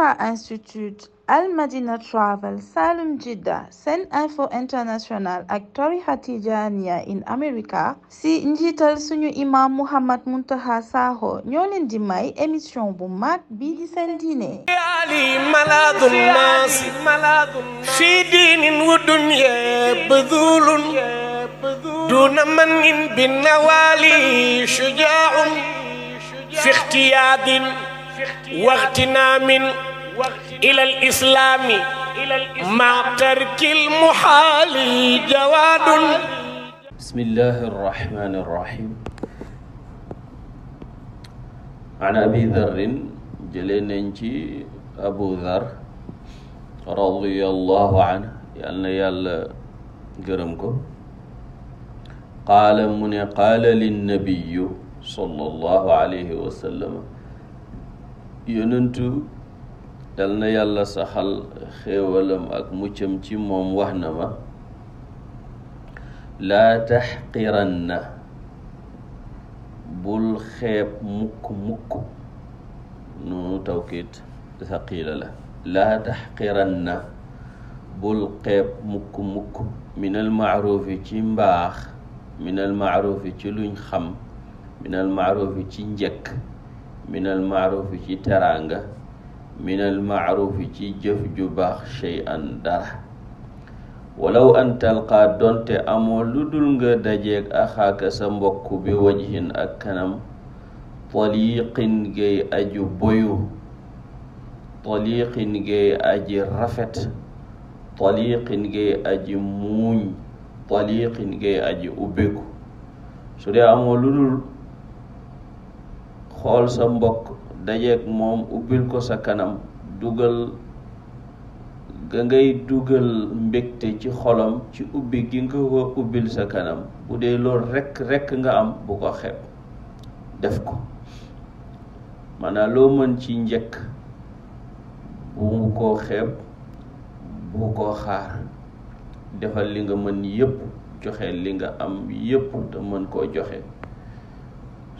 ITFA institute al madina travel salum jidda sen ak tarixa tijaniya america si njiital suñu imam Mouhamed Muntaha Sakho ñoo leen di may émission bu mag bii di seen duna manin bi nawali shujaun fi ixtiyaadin واغتنام إلى الإسلام مع ترك المحال جواد بسم الله الرحمن الرحيم عن أبي ذر جليننجي أبو ذر رضي الله عنه يالنا يال جرمكم قال من قال للنبي صلى الله عليه وسلم yonentu dal na yàlla saxal xéewalam ak muccam ci moom wax na ma laa taxqiranna bul xeeb mukk mukk nunu tawkiit saqiila la laa taxqiranna bul xeeb mukk mukk min almaarufi ci mbaax min almaarufi ci luñ xam min almaarufi ci njëkk minal maarufi ci teraanga minal maarufi ci jëf ju baax chey an dara walaw an talqaa donte amoo lu dul nga dajeeg axaaka sa mbokk bi wajhin ak kanam taliqin gay aju boyu taliqin gay aji rafet taliqin gay aji muuñ taliqin gay aji ubbeku su amoo lu xool sa mbokk dajeeg moom ubbil ko sa kanam dugal ga ngay dugal mbégte ci xolam ci ubbi gi nga ko ubbil sa kanam bu dee lool rekk rekk nga am bu ko xeeb def ko maanaam loo mën ci njëkk bu mu koo xeeb bu ko xaar defal li nga mën yépp joxe li nga am yépp te mën koo joxe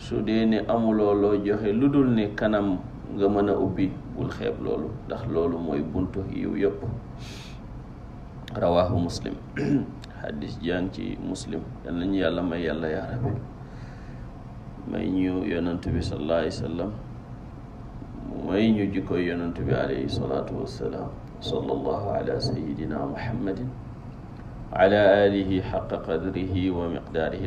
su dee ne amuloo loo joxe lu dul ne kanam nga mën a ubbi bul xeeb loolu ndax loolu mooy buntu yiw yëpp rawaahu muslim xadis jaan ci muslim yal nañu yàlla may yàlla yaa rabbi may ñu yonent bi sallallahu alayhi wa sallam may ñu jikkoy yonent bi alayhi salaatu wassalaam sallallahu ala sayyidina muhammadin wa ala alihi xaqa qadrihi wa miqdaarihi